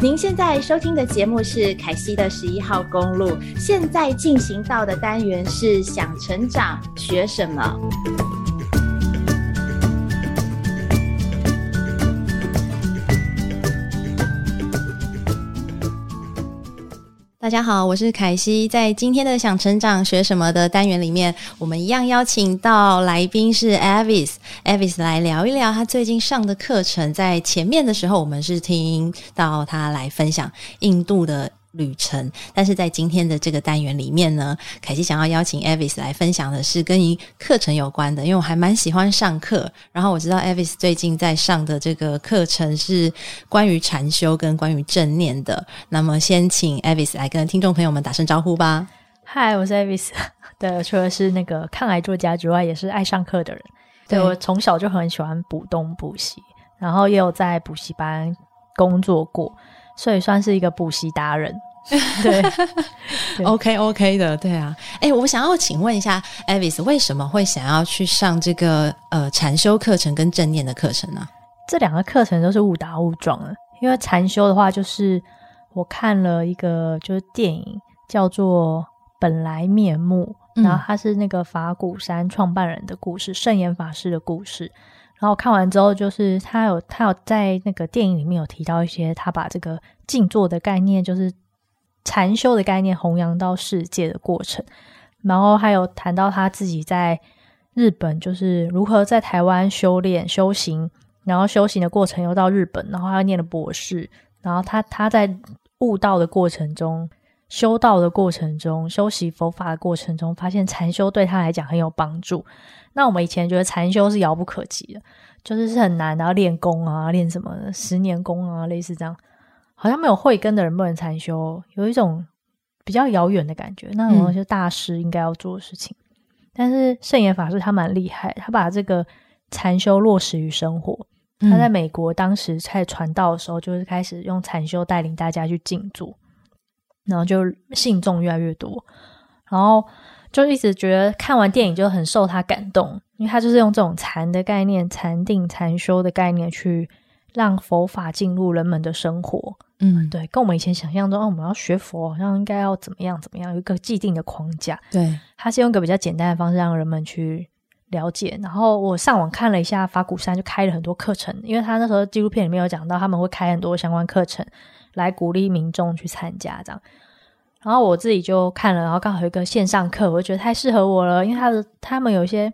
您現在收聽的節目是凱西的十一號公路，現在進行到的單元是想成長，學什麼？大家好，我是凱西。在今天的想成長學什麼的單元裡面，我們一樣邀請到來賓是 Avis，Avis 來聊一聊他最近上的課程。在前面的時候，我們是聽到他來分享印度的旅程，但是在今天的這個單元裡面呢，凱西想要邀請 Avis 來分享的是跟一課程有關的，因為我還蠻喜歡上課。然後我知道 Avis 最近在上的這個課程是關於禪修跟關於正念的。那麼先請 Avis 來跟聽眾朋友們打聲招呼吧。嗨，我是 Avis，對，除了是那個抗癌作家之外，也是愛上課的人。對，對我從小就很喜歡補東補西，然後也有在補習班工作過，所以算是一個補習達人。 對，對，OK OK 的，對啊。哎、欸，我想要請問一下 Avis 為什麼會想要去上這個呃禪修課程跟正念的課程呢？這兩個課程都是誤打誤撞的。因為禪修的話，就是我看了一個就是電影叫做《本來面目》，嗯，然後它是那個法鼓山創辦人的故事，聖嚴法師的故事。然後我看完之後，就是他有他有在那個電影裡面有提到一些，他把這個靜坐的概念就是。禪修的概念弘揚到世界的過程，然後還有談到他自己在日本，就是如何在台灣修煉修行，然後修行的過程又到日本，然後他念了博士，然後他他在悟道的過程中、修道的過程中、修習佛法的過程中，發現禪修對他來講很有幫助。那我們以前覺得禪修是遙不可及的，就是是很難，然後練功啊，練什麼的，十年功啊，類似這樣。好像沒有慧根的人不能禪修，有一種比較遙遠的感覺。那可能就是大師應該要做的事情。嗯、但是聖嚴法師他蠻厲害，他把這個禪修落實於生活。他在美國當時在傳道的時候、嗯，就是開始用禪修帶領大家去靜坐，然後就信眾越來越多，然後就一直覺得看完電影就很受他感動，因為他就是用這種禪的概念、禪定、禪修的概念去讓佛法進入人們的生活。嗯，對，跟我們以前想象中，哦，我們要學佛，好像應該要怎麼樣怎麼樣，有一個既定的框架。對，他是用一個比較簡單的方式讓人們去了解。然後我上網看了一下，法鼓山就開了很多課程，因為他那時候紀錄片裡面有講到，他們會開很多相關課程來鼓勵民眾去參加這樣。然後我自己就看了，然後剛好有一個線上課，我就覺得太適合我了，因為他的他們有一些，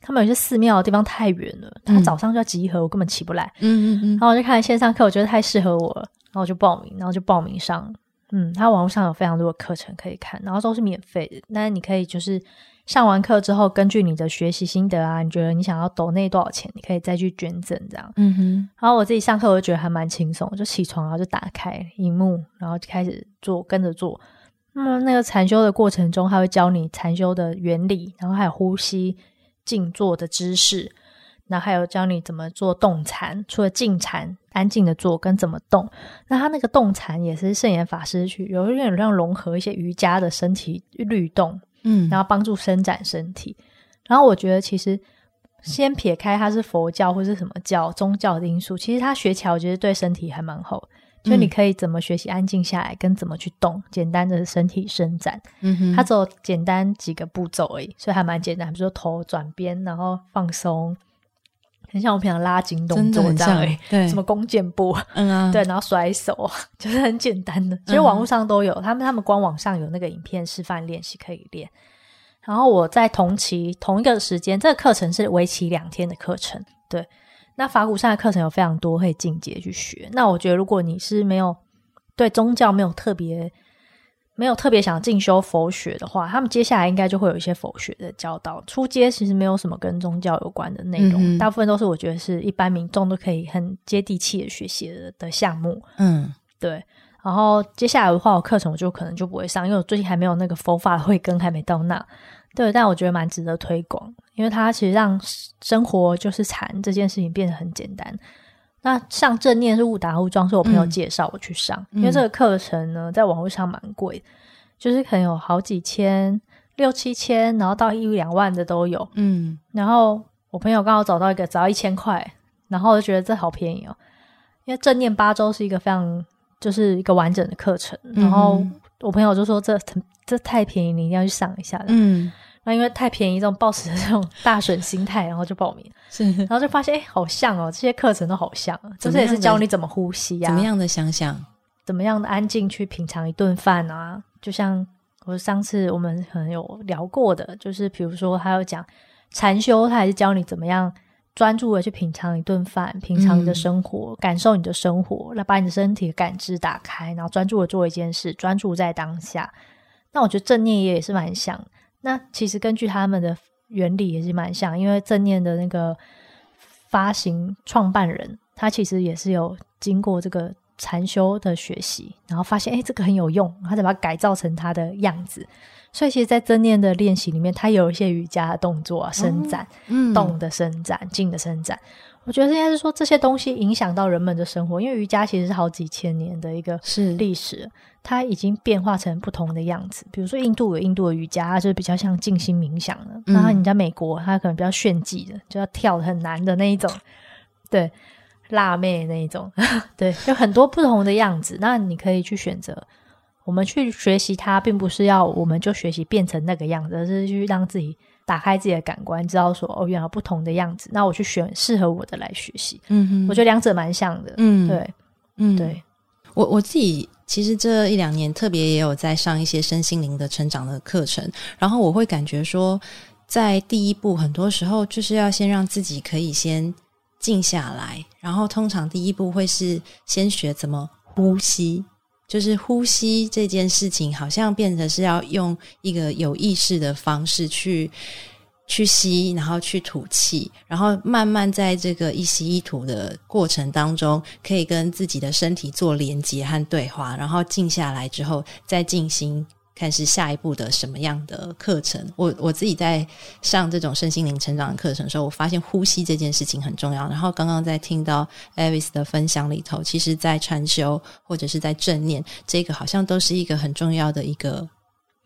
他們有一些寺廟的地方太遠了，他早上就要集合，嗯，我根本起不來。嗯嗯嗯。然後我就看了線上課，我覺得太適合我了。然後就報名，然後就報名上，嗯，他網絡上有非常多的課程可以看，然後都是免費的。那你可以就是上完課之後，根據你的學習心得啊，你覺得你想要 donate 多少錢，你可以再去捐贈這樣。嗯哼。然後我自己上課，我就覺得還蠻輕鬆，就起床然後就打開熒幕然後開始做，跟着做。那、嗯、麼那個禪修的過程中，他會教你禪修的原理，然後還有呼吸、靜坐的知識。那還有教你怎麼做動禪，除了靜禪，安靜的坐跟怎麼動。那他那個動禪也是聖嚴法師去有一點融合一些瑜伽的身體律動，嗯，然後幫助伸展身體。然後我覺得其實先撇開它是佛教或是什麼教宗教的因素，其實他學起來我覺得對身體還蠻好，嗯，就你可以怎麼學習安靜下來跟怎麼去動，簡單的身體伸展，嗯哼，他只有簡單幾個步驟而已，所以還蠻簡單，比如說頭轉邊，然後放鬆。很像我們平常拉筋動作這樣。欸，對，什麼弓箭步，嗯、啊、對，然後甩手，就是很簡單的，嗯啊、其實網絡上都有，他們他們官網上有那個影片示範練習可以練。然後我在同期同一個時間，這個課程是為期兩天的課程，對。那法鼓山的課程有非常多可以進階去學。那我覺得如果你是沒有對宗教沒有特別，沒有特別想進修佛學的話，他們接下來應該就會有一些佛學的教導。初階其實沒有什麼跟宗教有關的內容，嗯，大部分都是我覺得是一般民眾都可以很接地氣的學習的，的項目。嗯，對。然後接下來的話，我課程我就可能就不會上，因為我最近還沒有那個佛法慧根還沒到那。對，但我覺得蠻值得推廣，因為它其實讓生活就是禪這件事情變得很簡單。那上正念是誤打誤撞，是我朋友介紹我去上、嗯嗯，因為這個課程呢，在網絡上蠻貴，就是可能有好幾千、六七千，然後到一兩萬的都有。嗯，然後我朋友剛好找到一個，只要一千塊，然後我就覺得這好便宜哦、喔。因為正念八周是一個非常，就是一個完整的課程、嗯，然後我朋友就說這這太便宜，你一定要去上一下的。嗯。那因為太便宜，這種暴食的這種大損心態， 然後就報名，然後就發現，哎、欸，好像哦，這些課程都好像，就是也是教你怎麼呼吸呀、啊，怎麼樣的想想，怎麼樣的安靜去品嘗一頓飯啊，就像我上次我們可能有聊過的，就是比如說他有講禪修，他還是教你怎麼樣專注的去品嘗一頓飯，品嘗你的生活、嗯，感受你的生活，來把你的身體的感知打開，然後專注的做一件事，專注在當下。那我覺得正念也也是蠻像。那其實根據他們的原理也是蠻像，因為正念的那個發行創辦人，他其實也是有經過這個禪修的學習，然後發現誒，這個很有用，他再把它改造成他的樣子。所以其實，在正念的練習裡面，他有一些瑜伽的動作、啊、伸展、嗯嗯，動的伸展、靜的伸展。我覺得應該是說，這些東西影響到人們的生活，因為瑜伽其實是好幾千年的一個歷史是，它已經變化成不同的樣子。比如說印度有印度的瑜伽，它是比較像靜心冥想的；嗯、然後你在美國，它可能比較炫技的，就要跳得很難的那一種，對，辣妹那一種，對，有很多不同的樣子。 那你可以去選擇，我們去學習它，並不是要我們就學習變成那個樣子，而是去讓自己打開自己的感官，知道說哦，原來不同的樣子。那我去選適合我的來學習。嗯哼，我覺得兩者蠻像的。嗯，對，嗯對，我我自己其實這一兩年特別也有在上一些身心靈的成長的課程。然後我會感覺說，在第一步很多時候就是要先讓自己可以先靜下來。然後通常第一步會是先學怎麼呼吸。就是呼吸這件事情，好像變成是要用一個有意識的方式去去吸，然後去吐氣，然後慢慢在這個一吸一吐的過程當中，可以跟自己的身體做連接和對話，然後靜下來之後再進行。看是下一步的什麼樣的課程？我我自己在上這種身心靈成長的課程的時候，我發現呼吸這件事情很重要。然後剛剛在聽到 Avis 的分享裡頭，其實在禪修或者是在正念，這個好像都是一個很重要的一個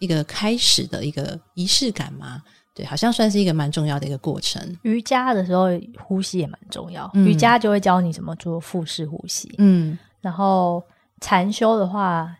一個開始的一個儀式感嘛？對，好像算是一個蠻重要的一個過程。瑜伽的時候，呼吸也蠻重要，嗯。瑜伽就會教你怎麼做腹式呼吸。嗯，然後禪修的話。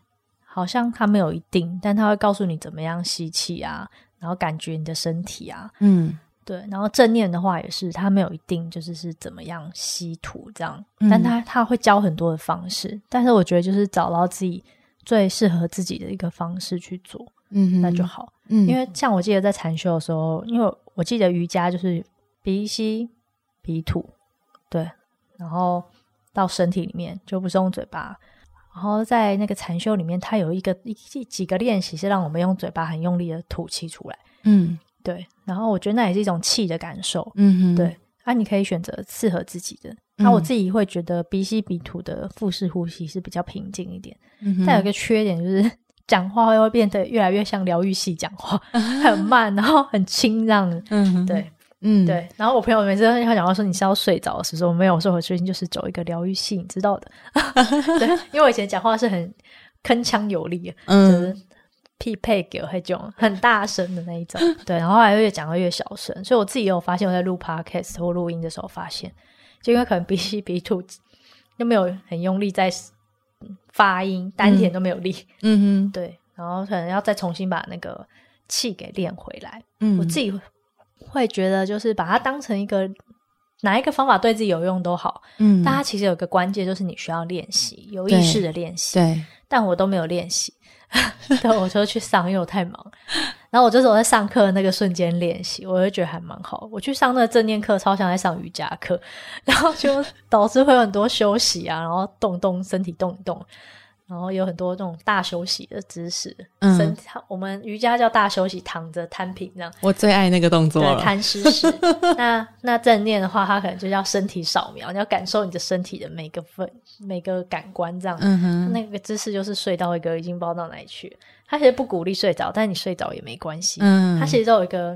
好像他沒有一定，但他會告訴你怎麼樣吸氣啊，然後感覺你的身體啊，嗯，對，然後正念的話也是，他沒有一定就是是怎麼樣吸吐這樣，嗯，但他他會教很多的方式，但是我覺得就是找到自己最適合自己的一個方式去做，嗯哼，那就好。嗯，因為像我記得在禪修的時候，因為我記得瑜伽就是鼻吸鼻吐，對，然後到身體裡面就不是用嘴巴。然後在那個禪修裡面，它有一個幾幾個練習是讓我們用嘴巴很用力的吐氣出來。嗯，對。然後我覺得那也是一種氣的感受。嗯嗯，對。啊，你可以選擇適合自己的。那、嗯啊、我自己會覺得鼻吸鼻吐的腹式呼吸是比較平靜一點。嗯哼。但有一個缺點就是講話會變得越來越像療癒系講話，嗯，很慢，然後很輕，這樣。嗯哼。對。嗯，對。然後我朋友每次跟他講話說，你是要睡着？是說我沒有，說我最近就是走一個療癒系，你知道的。 對，因為我以前講話是很鏗鏘有力的、嗯，就是匹配給這種很大聲的那一種。對，然後後來越講到越小聲， 所以我自己也有發現，我在錄 podcast 或錄音的時候發現，就因為可能鼻吸鼻吐，又沒有很用力在發音，丹田都沒有力。嗯嗯，對。然後可能要再重新把那個氣給練回來。嗯，我自己。會覺得就是把它當成一個哪一個方法對自己有用都好，嗯，但它其實有一個關鍵，就是你需要練習，有意識的練習。對，對，但我都沒有練習， 對，我就去上， 因為我太忙。然後我就是我在上課的那個瞬間練習，我就覺得還蠻好。我去上那個正念課，超像在上瑜伽課，然後就導師會有很多休息啊，然後動動身體，動一動。然後有很多這種大休息的姿勢，嗯，我們瑜伽叫大休息，躺着攤平這樣。我最愛那個動作了，對，攤屍式。 那那正念的話，它可能就叫身體掃描，你要感受你的身體的每個分、每個感官這樣。嗯、那個姿勢就是睡到一個已經不知道到哪裡去。它其實不鼓勵睡着，但你睡着也沒關係。嗯。它其實都有一個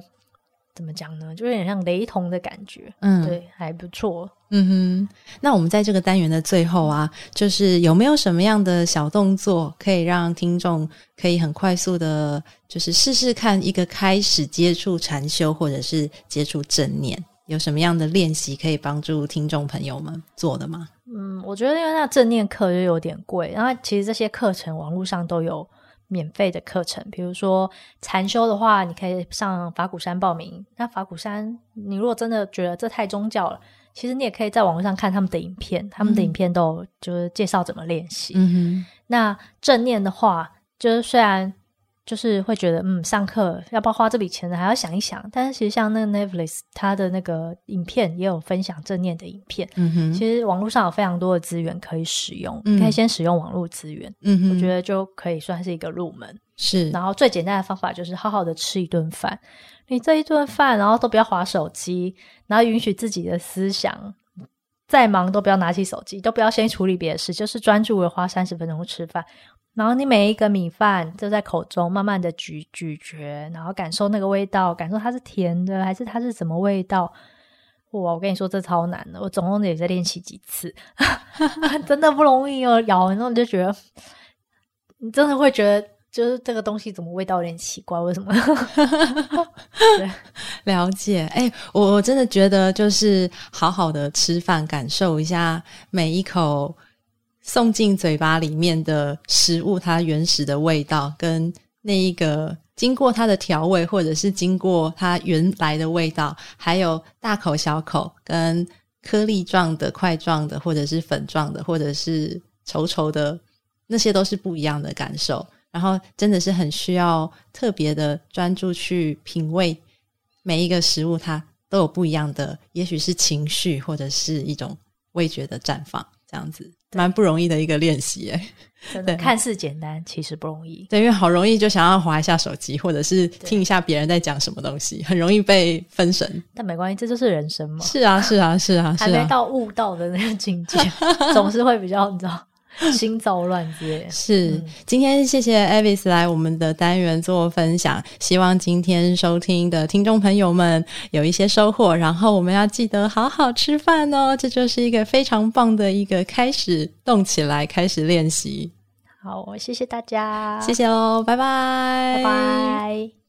怎麼講呢？就有點像雷同的感覺。嗯、對，還不錯。嗯哼，那我們在這個單元的最後啊，就是有沒有什麼樣的小動作可以讓聽眾可以很快速的，就是試試看一個開始接觸禪修或者是接觸正念，有什麼樣的練習可以幫助聽眾朋友們做的嗎？嗯，我覺得因為那正念課就有點貴，然後其實這些課程網絡上都有免費的課程，比如說禪修的話，你可以上法鼓山報名。那法鼓山，你如果真的覺得這太宗教了。其實你也可以在網絡上看他們的影片，他們的影片都有就是介紹怎麼練習、嗯。那正念的話，就是雖然就是會覺得，嗯，上課要不要花這筆錢，還要想一想。但是其實像那個 Netflix 他的那個影片也有分享正念的影片。嗯、其實網絡上有非常多的資源可以使用，應、嗯、該先使用網絡資源、嗯。我覺得就可以算是一個入門。是，然後最簡單的方法就是好好的吃一頓飯。你這一頓飯，然後都不要滑手機，然後允許自己的思想再忙都不要拿起手機，都不要先處理別的事，就是專注的花三十分鐘吃飯。然後你每一個米飯就在口中慢慢的咀咀嚼，然後感受那個味道，感受它是甜的還是它是什麼味道。哇，我跟你說這超難的，我總共也在練習幾次， 真的不容易哦。 咬完之後你就覺得，你真的會覺得。就是這個東西怎麼味道有點奇怪？為什麼？ 對，了解。哎，我、欸、我真的覺得就是好好的吃飯，感受一下每一口送進嘴巴裡面的食物，它原始的味道，跟那一個經過它的調味，或者是經過它原來的味道，還有大口小口，跟顆粒狀的塊狀的，或者是粉狀的，或者是稠稠的，那些都是不一樣的感受。然後真的是很需要特別的專注去品味每一個食物，它都有不一樣的，也許是情緒或者是一種味覺的綻放，這樣子蠻不容易的一個練習。真的，看似簡單，其實不容易。對，因為好容易就想要滑一下手機，或者是聽一下別人在講什麼東西，很容易被分神。但沒關係，這就是人生嘛。是啊，是啊，是啊，是啊。還沒到悟道的那個境界， 總是會比較，你知道。心躁亂耶！是、嗯，今天謝謝 Avis 來我們的單元做分享，希望今天收聽的聽眾朋友們有一些收穫。然後我們要記得好好吃飯哦，這就是一個非常棒的一個開始，動起來，開始練習。好，謝謝大家，謝謝嘍，拜拜，拜拜。